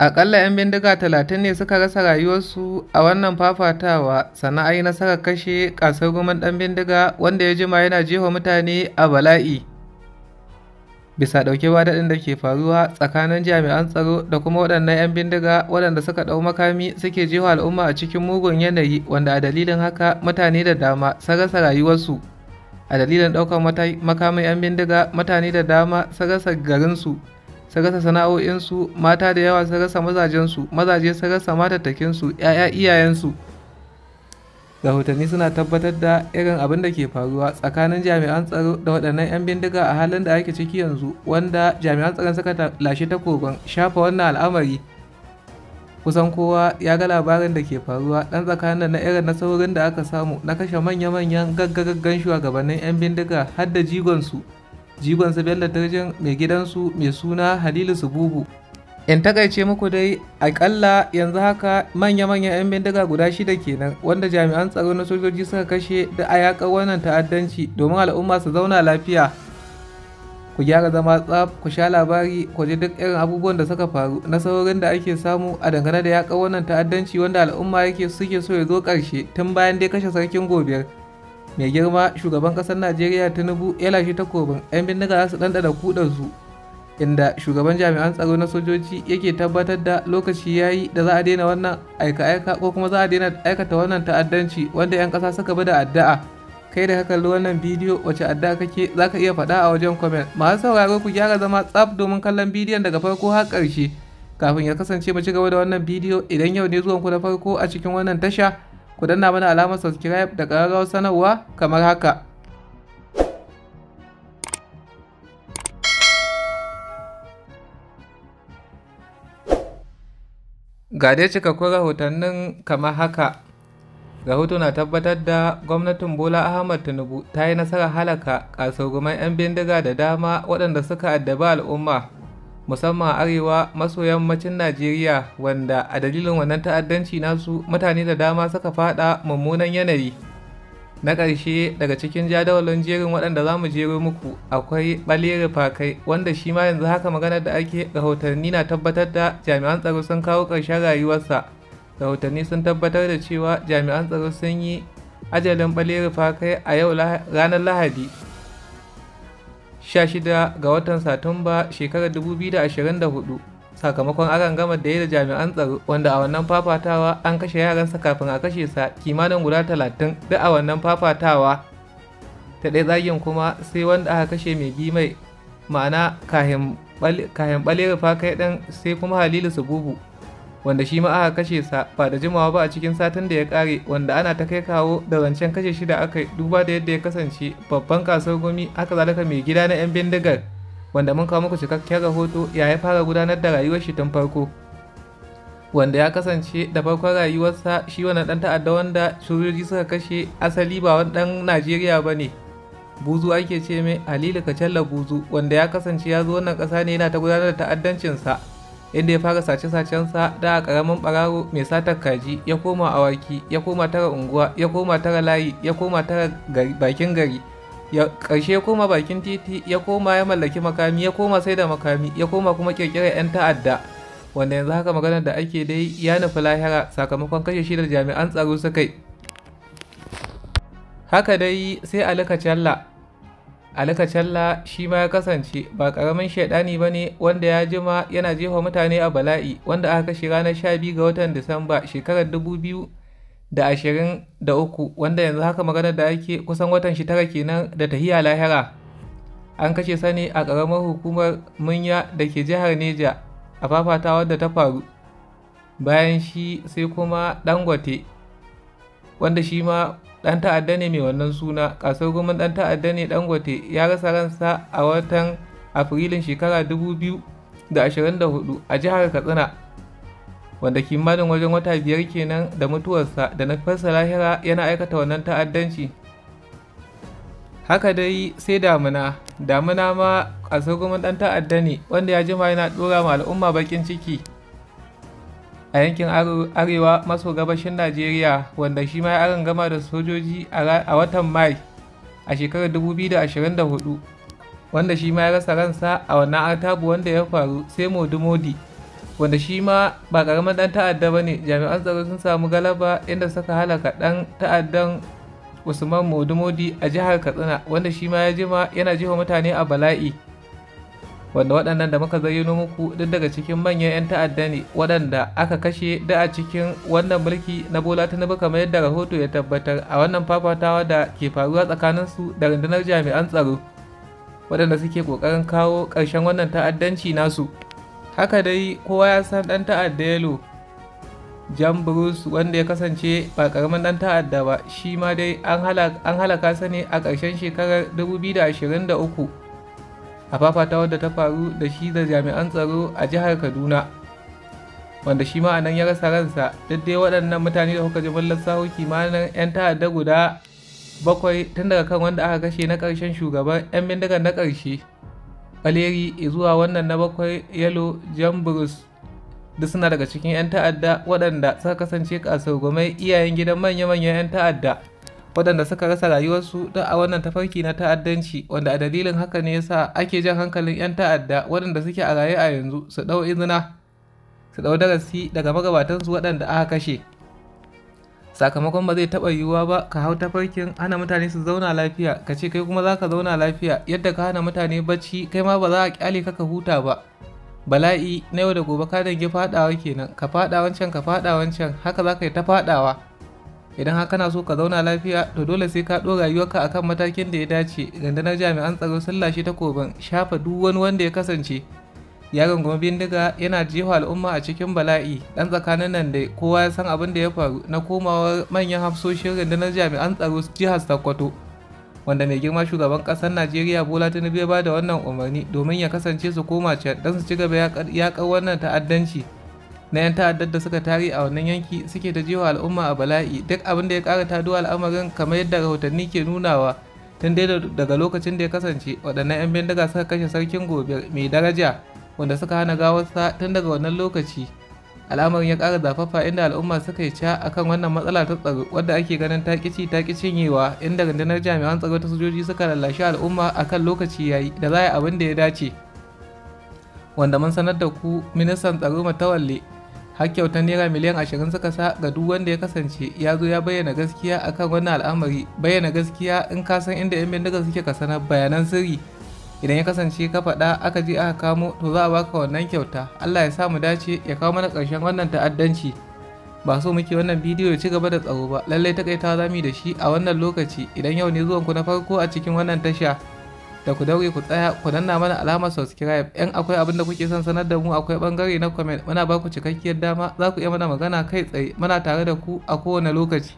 Aƙalla 'yan bindiga talatin ne suka rasa rayuwarsu a wannan fafatawa sannan yi nasarar kashe gumin ɗan bindiga wanda ya jima yana jefa mutane a bala'i. Bisa ɗauke daɗin da ke faruwa tsakanin jami'an tsaro da kuma waɗannan 'yan bindiga waɗanda suka ɗau makami suke jefa al'umma a cikin mugun yanayi wanda a dalilin haka mutane da dama sun rasa rayuwarsu. A dalilin ɗaukar makamin 'yan bindiga mutane da dama sun rasa garinsu. su rasa sana'o'insu mata da yawa su rasa mazajensu mazaje su rasa matattakinsu 'ya'ya iyayensu rahotanni suna tabbatar da irin abin da ke faruwa tsakanin jami'an tsaro da waɗannan 'yan bindiga a halin da ake ciki yanzu wanda jami'an tsaron suka lashe kogon shafa wannan al'amari kusan kowa ya ga labarin da ke faruwa ɗan tsakanin na irin nasarorin da aka samu na kashe manya-manyan gaggagaggan shugabannin 'yan bindiga har da jigonsu Jigon su bello turjin mai gidansu mai suna halilu subuhu in takaice muku dai akalla yanzu haka manya-manyan 'yan bindiga guda shida kenan wanda jami'an tsaro na sojoji suka kashe da ayaka wannan ta'addanci domin al'umma su zauna lafiya ku gyara zama tsaf ku sha labari ku ji duk irin abubuwan da suka faru Na saurin da ake samu a dangane da yaƙar wannan ta'addanci wanda al'umma yake suke so ya zo ƙarshe tun bayan dai kashe sarkin gobiyar mai girma shugaban kasar najeriya tinubu ya lashe takobin 'yan bindiga za su ɗanɗana kudansu inda shugaban jami'an tsaro na sojoji yake tabbatar da lokaci ya yi da za a daina wannan aika-aika ko kuma za a daina aikata wannan ta'addanci wanda 'yan ƙasa suka bi da addu'a kai da ka kalli wannan bidiyo wace addu'a kake za ka iya faɗa a wajen kwamen masu sauraro ku gyara zama tsaf domin kallon bidiyon daga farko har ƙarshe kafin ya kasance mu ci gaba da wannan bidiyo idan yau ne zuwan ku na farko a cikin wannan tasha ku danna mana alamar subscribe da ƙararrawar sanarwa kamar haka ga dai cikakkun rahotannin kamar haka rahoto na tabbatar da gwamnatin bola ahmad tinubu ta yi nasarar halaka kasurguman 'yan bindiga da dama waɗanda suka addaba al'umma musamman arewa maso yammacin najeriya wanda a dalilin wannan ta'addanci nasu mutane da dama suka fada mummunan yanayi na ƙarshe daga cikin jadawalin jerin waɗanda za mu jero muku akwai ɓalere fakai wanda shi ma yanzu haka maganar da ake rahotanni na tabbatar da jami'an tsaro sun kawo ƙarshen rayuwarsa rahotanni sun tabbatar da cewa jami'an tsaro sun yi ajalin ɓalere fakai a yau ranar lahadi 16 ga watan Satumba shekarar 2024 sakamakon aron gama da yi da jami'an tsaro wanda a wannan fafatawa an kashe yaransa kafin a kashe sa kimanin guda 30 duk a wannan fafatawa ta ɗaya zagin kuma sai wanda aka kashe mai bi mai ma'ana kahin ɓale rufa kai ɗan sai kuma halilu bubu wanda shi ma aka kashe sa ba da jimawa ba a cikin satin da ya kare wanda ana ta kai kawo da rancen kashe shida da aka duba da yadda ya kasance babban kasar gumi aka zalaka mai gida na 'yan bindigar wanda mun kawo muku cikakken rahoto ya ya fara gudanar da rayuwar shi tun farko wanda ya kasance da farkon rayuwarsa shi wannan dan ta'adda wanda sojoji suka kashe asali ba wani dan najeriya ba ne buzu ake ce mai halilu kacalla buzu wanda ya kasance ya zo wannan ƙasa ne yana ta gudanar da ta'addancinsa inda ya fara sace-sacensa da karamin bararo mai satar kaji ya koma awaki ya koma tara unguwa ya koma tara layi ya koma tara bakin gari ya karshe ya koma bakin titi ya koma ya mallaki makami ya koma sai da makami ya koma kuma kirkirar 'yan ta'adda wanda yanzu haka maganar da ake dai ya nufi lahira sakamakon kashe shi da jami'an tsaro suka yi haka dai sai a challa Ali Kacalla shi ma ya kasance ba karamin shaidani ba ne wanda ya jima yana jefa mutane a bala'i wanda aka kashe ranar 12 ga watan Disamba shekarar 2023 wanda yanzu haka maganar da ake kusan watan shi tara kenan da tahiya lahira. An kashe sani a karamar hukumar Munya da ke jihar Neja a fafatawa da ta faru. Bayan shi sai kuma Dangote wanda shi ma ɗan ta'adda ne mai wannan suna kasar goma ɗan ta'adda ne dangote ya rasa ransa a watan afrilun shekara 2024 a jihar katsina wanda kimanin wajen wata biyar kenan da mutuwarsa da na fasa lahira yana aikata wannan ta'addanci haka dai sai damuna damuna ma kasar goma ɗan ta'adda ne wanda ya jima yana ɗora ma al'umma bakin ciki a yankin arewa maso gabashin najeriya wanda shi ma ya gama da sojoji a watan mai a shekarar 2024 wanda shi ma ya rasa ransa a wannan artabu wanda ya faru sai Modimodi. wanda shi ma ba karamin dan ta'adda ba ne jami'an tsaro sun samu galaba inda suka halaka dan ta'addan usman Modimodi a jihar katsina wanda shi ma ya jima yana jiwa mutane a bala'i wanda waɗannan da muka zayyano muku duk daga cikin manyan 'yan ta'adda ne waɗanda aka kashe da a cikin wannan mulki na bola ta tinubu kamar yadda rahoto ya tabbatar a wannan fafatawa da ke faruwa tsakanin su, da rundunar jami'an tsaro waɗanda suke ƙoƙarin kawo ƙarshen wannan ta'addanci nasu haka dai kowa ya san ɗan ta'adda yalo jan bruce wanda ya kasance ba ƙaramin ɗan ta'adda ba shi ma dai an halaka sani a ƙarshen shekarar 2023 a fafata wadda ta faru da shi da jami'an tsaro a jihar kaduna wanda shi ma nan ya rasa ransa duk dai waɗannan mutane da kuka ji mullar sahu kimanin 'yan ta'adda guda bakwai tun daga kan wanda aka kashe na ƙarshen shugaban 'yan bindigar na ƙarshe kaleri zuwa wannan na bakwai yalo burus duk suna daga cikin 'yan ta'adda waɗanda suka kasance kasar gwamai iyayen gidan manya-manyan 'yan ta'adda waɗanda suka rasa rayuwarsu da a wannan tafarki na ta'addanci wanda a dalilin haka ne yasa ake jan hankalin 'yan ta'adda waɗanda suke a raye a yanzu su ɗau izina su ɗau darasi daga magabatansu waɗanda aka kashe sakamakon ba zai taɓa yiwuwa ba ka hau tafarkin hana mutane su zauna lafiya ka ce kai kuma za ka zauna lafiya yadda ka hana mutane bacci kai ma ba za a kyale ka ka huta ba bala'i na yau da gobe ka dangi faɗawa kenan ka faɗa wancan ka faɗa wancan haka za ka yi ta faɗawa idan haka na so ka zauna lafiya to dole sai ka ɗora rayuwarka akan matakin da ya dace rundunar jami'an tsaro sun lashe takoban shafa duk wani wanda ya kasance yaron kuma bindiga yana jefa al'umma a cikin bala'i dan tsakanin nan da kowa ya san abin da ya faru na komawar manyan hafsoshin rundunar jami'an tsaro jihar sokoto wanda mai girma shugaban kasar najeriya bola tinubu ya ba da wannan umarni domin ya kasance su koma can don su ci gaba yakar wannan ta'addanci na 'yan ta'addar da suka tari a wannan yanki suke ta jiwa al'umma a bala'i duk abin da ya kara taduwa al'amarin kamar yadda rahotanni ke nunawa tun dai daga lokacin da ya kasance waɗannan 'yan bindiga suka kashe sarkin gobe mai daraja wanda suka hana gawarsa tun daga wannan lokaci al'amarin ya kara zafafa inda al'umma suka yi ca akan wannan matsala ta tsaro wadda ake ganin ta ƙici ta cinyewa inda rundunar jami'an tsaro ta sojoji suka lallashi al'umma akan lokaci yayi da za a yi abin da ya dace wanda mun sanar da ku ministan tsaro matawalle har kyautar naira miliyan ashirin suka sa ga duk wanda ya kasance ya zo ya bayyana gaskiya akan wannan al'amari bayyana gaskiya in ka san inda 'yan bindiga suke ka sanar bayanan sirri idan ya kasance ka faɗa aka je aka kamo to za a baka wannan kyauta Allah ya sa mu dace ya kawo mana ƙarshen wannan ta'addanci ba so muke wannan bidiyo ya ci gaba da tsaro ba lallai takaitawa mu zami da shi a wannan lokaci idan yau ne zuwanku na farko a cikin wannan tasha da ku daure ku tsaya ku danna mana alamar subscribe in akwai abin da kuke son sanar da mu akwai bangare na comment muna ba ku cikakkiyar dama za ku iya mana magana kai tsaye muna tare da ku a kowane lokaci